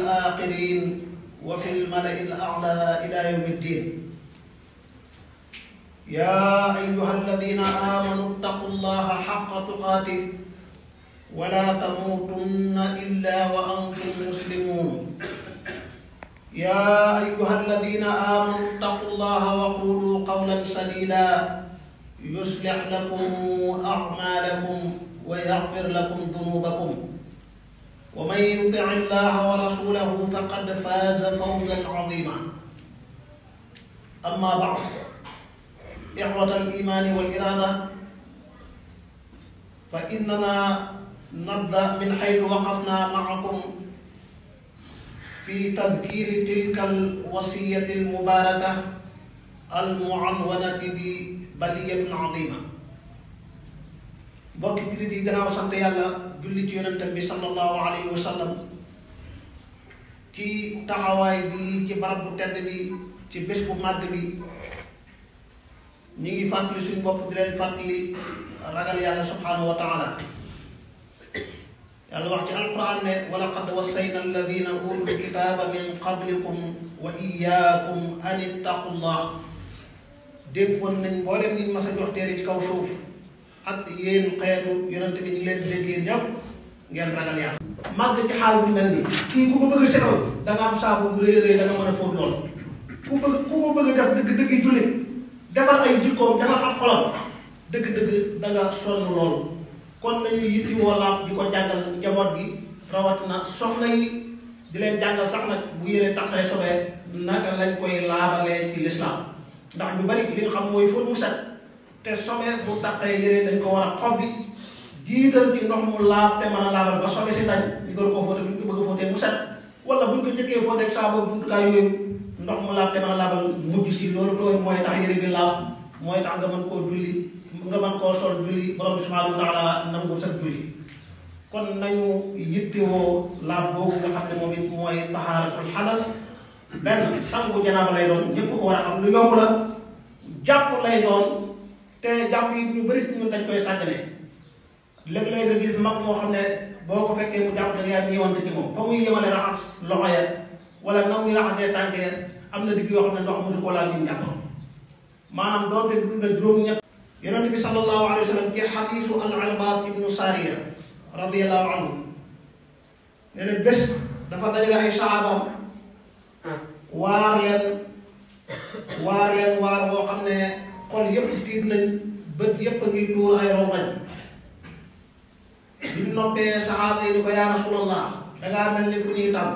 الآخرين وفي الملأ الأعلى إلى يوم الدين يا أيها الذين آمنوا اتقوا الله حق تقاته ولا تموتن إلا وأنتم مسلمون يا أيها الذين آمنوا اتقوا الله وقولوا قولا سديدا يصلح لكم أعمالكم ويغفر لكم ذنوبكم ومن يطع الله ورسوله فقد فاز فوزا عظيما أما بعد إخوة الإيمان والإرادة فإننا نبدأ من حيث وقفنا معكم في تذكير تلك الوصية المباركة المعنونة ببلية عظيمة mbokk jullit yi gannaaw sant yàlla jullit yonentam bi sallallahu alayhi wa sallam ci taxawaay bi ci barab bu tedd bi ci bés bu màgg bi ñu ngi fàttali suñu bopp di leen ragal yàlla subhaanahu wa taala yàlla wax ci alquran ne walaqad wassayna alladina min qablikum wa iyaakum an ittaqullah déggoon nañ mboolem niñ mas a jox téere ci kaw suuf ak yéen xeetu yonent bi ñu leen di dégg yéen ñëpp ngeen ragal yàlla. màgg ci xaal bu mel nii kii ku ko bëgg a setal da nga am saabu bu rëy rëy da nga mën a fóot lool ku bëgg ku ko bëgg a def dëgg dëgg jullit defar ay jikkoom defar ak xolam dëgg dëgg da nga loolu kon nañu yitti walaam di ko jàngal njaboot gi rawatina soxna yi di leen jàngal sax nag bu yére taqee sobee naka lañ koy laabalee ci lislaam ndax ñu bari ci xam mooy fóot mu set. te sobe bu taqee yére dañ ko war a xobbi jiital ci ndox mu laab te mën a laabal ba sobe si dañ ñu gën koo fóote bu ñu ko bëgg a fóotee mu set wala bu ko njëkkee fóote ak saabu buntukaay a laabal julli nga mën koo sol julli borom bi subhanahu sa julli kon nañu yittewoo laab boobu nga xam ne moom it mooy taxaaratul xadas benn sangu janaaba lay doon ñëpp ko war a am lu yomb la jàpp lay doon te jàpp yi ñu bëri ñun dañ koy sàggane léeg-léeg mag moo xam ne boo ko fekkee mu jàpp da ngay ñëwante ci moom fa muy yemale raxas loxo ya wala na muy raxasee tànk ya am na digg yoo xam ne ndox mosu ko laal ñu maanaam doonte dund na juróom-ñett yonente bi sallallahu alayhi wa sallam ci xadiisu al dafa dajale ay saabam ah. waar leen waar leen yëpp tiit nañ bët yëpp a ngi tuur ay rongañ noppee saxaaba ni ko yaa rasulallah dangaa mel ni ku ñuy tàmm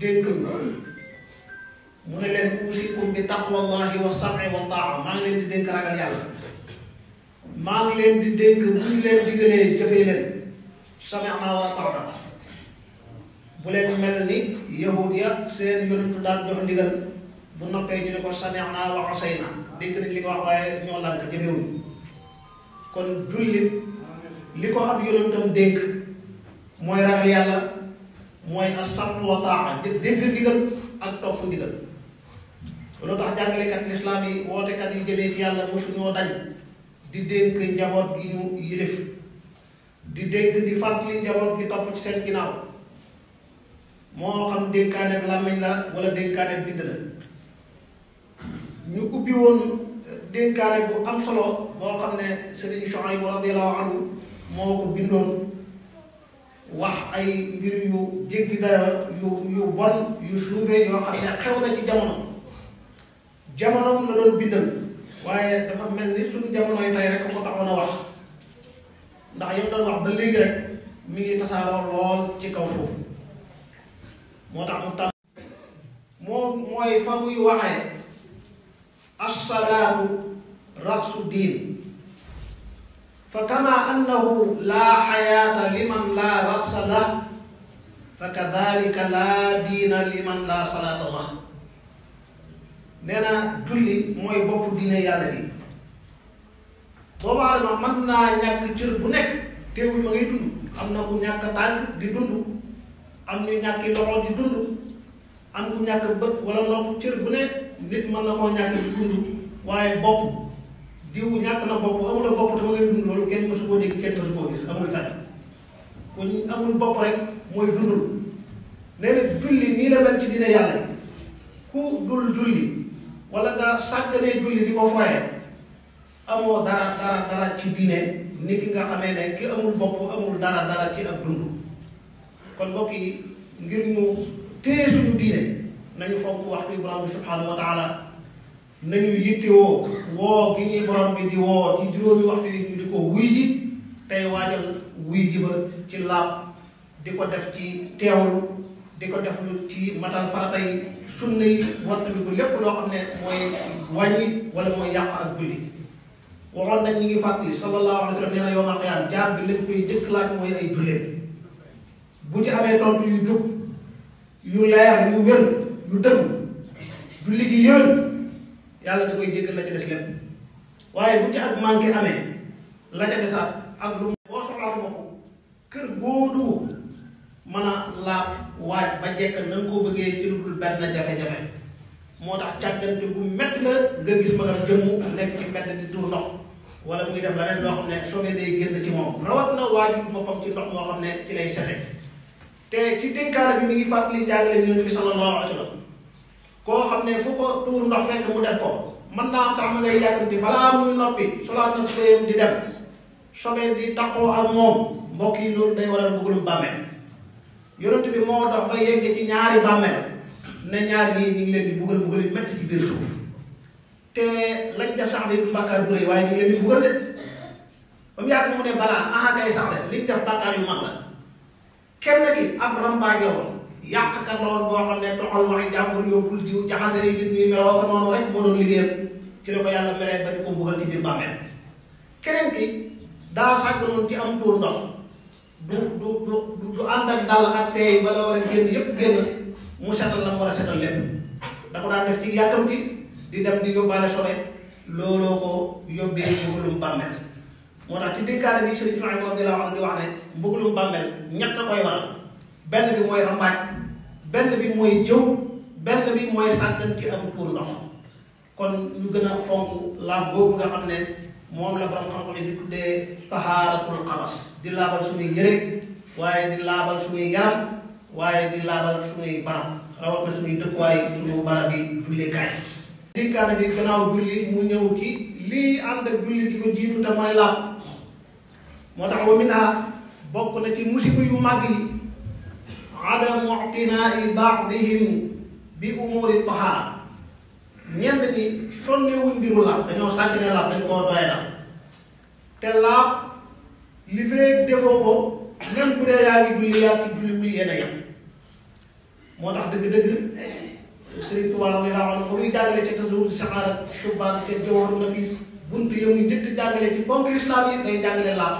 dénk mu ne leen uusikum bi taqwallahi wa sam'i wa taa maa ngi leen di dénk ragal yàlla maa ngi leen di dénk bu ñu leen digalee jëfee leen sami'na wa ta'na bu leen mel ni yahud ya seen yonentu daan jox ndigal bu noppee ñu ne ko sami'na wa asayna dégg nañ li nga wax waaye ñoo lànk jëfewuñ kon jullit li ko ab yonentam dénk mooy ragal yàlla mooy as-sam'u wa taa'a dégg ak topp ndigal loolu tax jàngalekat lislaam yi wootekat yi jëmee ci yàlla mosuñoo dañ di dénk njaboot gi ñu yilif di dénk di fàttali njaboot gi topp ci seen ginnaaw moo xam dénkaane bi làmmiñ la wala dénkaane bind la ñu ubbi woon euh, dénkaane bu am solo boo xam ne Serigne Chouaïbou radiyallahu anhu moo ko bindoon wax ay mbir yu jéggi dayo yu yu bon yu suufee yoo xam xew na ci jamono jamono la doon bindal waaye dafa mel ni suñu jamonoy tey rek ko taxoon a wax ndax yam doon wax ba léegi rek mi ngi tasaaroo lool ci kaw foofu moo tax mu tàmm moo mooy fa muy waxee assalaatu rasu diin fa kama annahu laa xayaata liman laa rasa la fa kadalika laa diina liman laa salaata la nee na julli mooy bopp diine yàlla gi doomu aadama mën naa ñàkk cër bu nekk teewul ma ngay dund am na ku ñàkk tànk di dund am ñu ñàkki loxo di dund am ku ñàkk bët wala nopp cër bu ne nit mën na koo ñàkk di dund waaye bopp diw ñàkk na bopp amul bopp dama ngay dund loolu kenn mësu koo dégg kenn mësu koo gis amul kat ku amul bopp rek mooy dundul nee julli nii la mel ci dina yàlla ku dul julli wala nga sàgganee julli di ko foyee amoo dara dara dara ci diine ni ki nga xamee ne ki amul bopp amul dara dara ci ak dund kon mbokk yi ngir mu téye suñu diine nañu fonk waxtu borom bi subhanahu wa taala nañu yittewoo woo gi ñuy borom bi di woo ci juróomi waxtu yi ñu di ko wuy ji tey waajal wuy ji ba ci laab di ko def ci teewlu di ko def lu ci matal farata yi sunna wartu bi ko lépp loo xam ne mooy wàññi wala mooy yàq ak julli waxoon nañ ñu ngi fàttali sallallahu alayhi wa sallam bu ci amee tontu yu jub yu leer yu wér yu dëgg julli gi yàlla da koy jéggal la ci des lépp waaye bu ci ak manqué amee la ca desaat ak lu boo soxlaa bopp kër góodu mën a laab waaj ba jekk na nga ko bëggee ci lu dul benn jafe-jafe moo tax càggante bu métti la nga gis magam jëmm nekk ci mbedd di tuur ndox wala muy def leneen loo xam ne sobe day génn ci moom rawat na waajub boppam ci ndox moo xam ne ci lay sete te ci dénkaane bi mi ngi fàttali jàngale bi yonent bi sallallahu alayhi wa koo xam ne fu ko tuur ndox fekk mu def ko mën naa tax ma ngay yàkkamti balaa muy noppi solaat nag séyam di dem sobee di taqoo ak moom mbokk yi loolu day waral bëggalum bàmmeel yonent bi moo tax ba yegg ci ñaari bàmmeel ne ñaari nii ñu ngi leen di buggal metti ci biir suuf te lañ def sax de bàkkaar bu rëy waaye ñu leen di buggal ba mu yàgg mu ne balaa aha def bàkkaar yu kenn gi ab rambaaj la woon yàqkat boo xam ne toxal waxi jàmbur yóbbul diw jaxase yi nit ñi meloo ko noonu rek moo doon liggéeyam ci la ko yàlla meree ba di ko mbugal ci biir bàmmeel keneen ki daa sàggaloon ci am tuur ndox du du du du ànd ak dàll ak seey ba la war a génn yépp génn mu setal la mu war a setal lépp da ko daan def ci yàkkamti di dem di yóbbaale sobe looloo ko yóbbee mbugalum bàmmeel moo tax ci dénkaane bi Serigne Souhaïbou radiyallahu anhu di wax ne mbugalum bàmmeel ñett koy waral benn bi mooy rambaaj benn bi mooy jëw benn bi mooy sàggan am pour ndox kon ñu gën a fonk laab boobu nga xam ne moom la borom xam-xam yi di tuddee tahaaratul xabas di laabal suñuy yére waaye di laabal suñuy yaram waaye di laabal suñuy barab rawatina suñuy dëkkuwaay suñu barab yi julleekaay dénkaane bi gannaaw julli mu ñëw ci lii ànd ak julli di ko jiitu te mooy laab moo tax wa bokk na ci musiba yu màgg yi adamu ictinaai baadihim bi umuuri tahaara ñenn ñi sonnewuñ mbiru laab dañoo sàgg ne laab dañ koo doy laab te laab li fee defoo ko même bu dee yaa ngi julli yaa ngi julli wul yéen moo tax dëgg-dëgg Sëriñ Tuubaa radiyallaahu anhu ba muy jàngale ci tasawur saxaar ak shubaan te jawharu nafiis bunt yo muy jàngale ci ponk lislaam yi day jàngale laab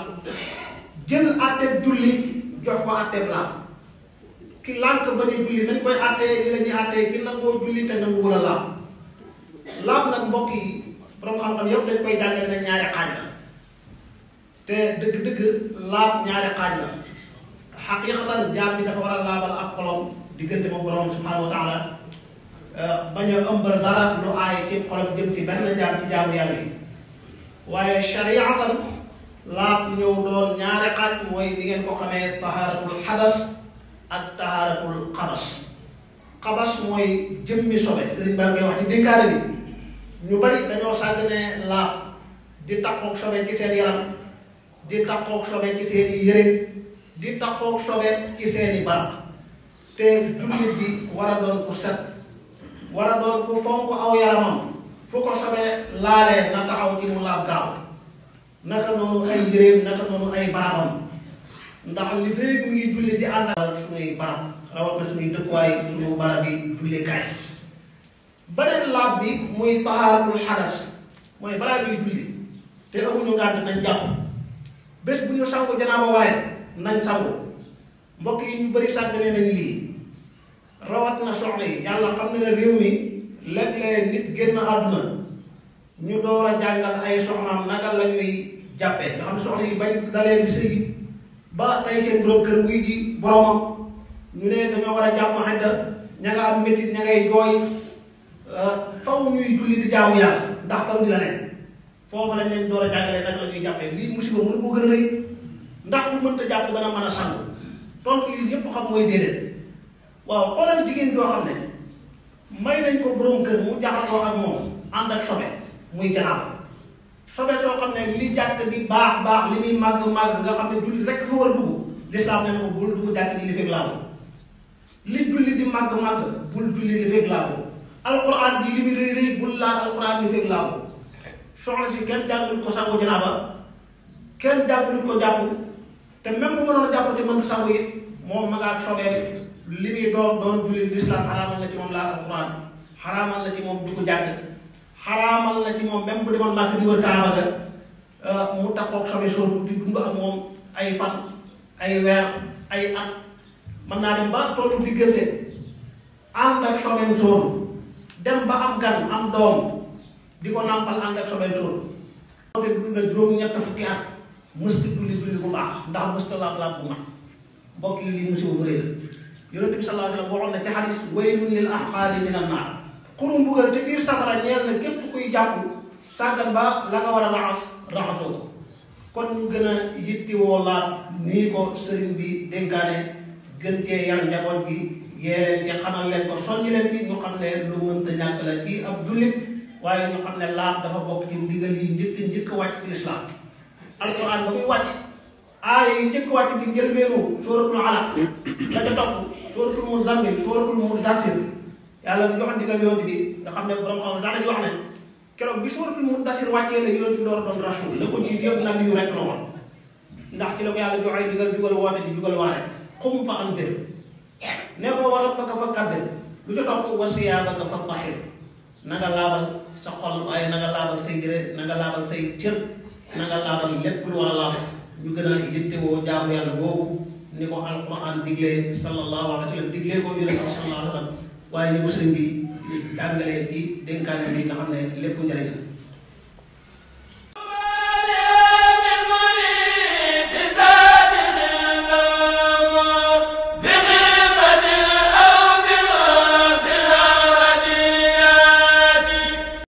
jël àtteeb julli jox ko àtteeb laab ki lànk ba ñu julli nañ koy àttee ni la àttee ki nangoo julli te nangu war a laab laab nag mbokk yi borom xam-xam yëpp dañ koy jàngale ne ñaari xaaj la te dëgg-dëgg laab ñaari xaaj la xaqiqatan jaam bi dafa war a laabal ak xolom diggante ma borom subhaanahu bañ a dara lu aay ci xolam jëm ci benn jaam ci jaamu yàlla yi waaye shariatan laab ñëw doon ñaari xaaj mooy li ngeen ko xamee tahaaratul xadas ak tahaaratul mooy jëmmi sobe sëriñ baa ngay wax ci dénkaane bi ñu bari dañoo sàgg ne laab di takkook sobe ci seen yaram di takkook sobe ci seen i di takkook sobe ci seen i te jullit bi war a doon ko set war a doon ku fonk aw yaramam fu ko sobee laalee na taxaw ci mu laab gaaw naka noonu ay yëreem naka noonu ay barabam ndax li fekk mu ngi julli di ànd ak suñuy barab rawat suñuy dëkkuwaay suñu barab yi jullikaay beneen laab bi muy tahaaratul xadas mooy balaa julli te amuñu ngànt nañ jàpp bés bu ñu sangu janaaba waree nañ sangu mbokk yi ñu bëri sàgg nee nañ lii rawat na soxna yi yàlla xam na ne réew mi léeg-léeg nit génn àdduna ñu door a jàngal ay soxnaam naka la ñuy jàppee nga xam ne soxna yi bañ dalee di sëy ba tey seen borom kër wuy ji boromam ñu ne dañoo war a jàpp xedda ña nga am métit ña ngay jooy euh, faw ñuy julli di jaamu yàlla ndax taw bi la nekk foofu lañ door a jàngalee naka la jàppee lii musiba mënu ko gën a rëy ndax ku mënta jàpp dana mën a sangu tontu yi ñëpp xam mooy déedéet waaw xoolal jigéen joo xam ne may nañ ko borom kër mu jaxasoo ak moom ànd ak sobe muy janaaba sobe soo xam ne li jàkk bi baax baax li muy màgg màgg nga xam ne julli rek fa war a dugg lislaam ne na ko bul dugg jàkk ji li fekk laa ko li julli di màgg màgg bul julli li fekk laa ko alquran bi li muy rëy rëy bul laal alquran li fekk laa ko soxla si kenn jàngul ko sangu janaaba kenn jàngul ko jàppul te même bu mënoon a jàppati mën sangu moom ma li muy doon doon jullit lislaam xaraamal na ci moom laa alxuraan xaraamal na ci moom di ko jàng xaraamal na ci moom même bu demoon màkk di wër kaaba ga euh, mu takkoog sobe soosu di dund ak moom ay fan weer ay at naa dem ba tollu diggante ànd ak sobeem soosu dem ba am gan am doom di ko nàmpal ànd ak sobeem soosu te dund na juróom-ñett fukki at mësta julli julli bu baax ndax mësta laab laab bu mag mbokk yi lii musiba la yonente bi sallallahu alayhi wa sallam waxoon na ci xadis waylun lil ahqaari min an naar xurum bugal ci biir safara ñeel na képp kuy jàpp sàggan ba la nga war a raxas raxasoo ko kon ñu gën a yittewoo laat nii ko sëriñ bi dénkaane gën cee yar njaboot gi yee leen ci xamal leen ko soññi leen ci ñu xam ne lu mënta ñàkk la kii ab jullit waaye ñu xam ne laat dafa bokk ci ndigal yi njëkk njëkk wàcc ci lislaam alquran ba muy wàcc aaya yi njëkk wàcc di njëlbeenu sóoratul alaq la ca topp sóoratul muzammil sóoratul mudassir yàlla di joxoon digal yonent bi nga xam ne borom xam sax dañu wax ne keroog bi sóoratul mudassir wàccee la yonent bi door doon rasul la ko jiit yëpp nag yu rek la woon ndax ci la ko yàlla joxee digal jugal woote ji jugal waare xum fa am tër ne ko war a fa kabbir lu ca topp wa siyaabaka fa tahir na nga laabal sa xol waaye na nga laabal say jëre na nga laabal say cër na nga laabal lépp lu war a laabal ñu gën a yittewoo jaamu yàlla boobu ni ko alquran diglee sallallahu alayhi wa sallam diglee waaye ni ko sëriñ bi jàngalee ci dénkaane bi nga xam ne lépp njëriñ la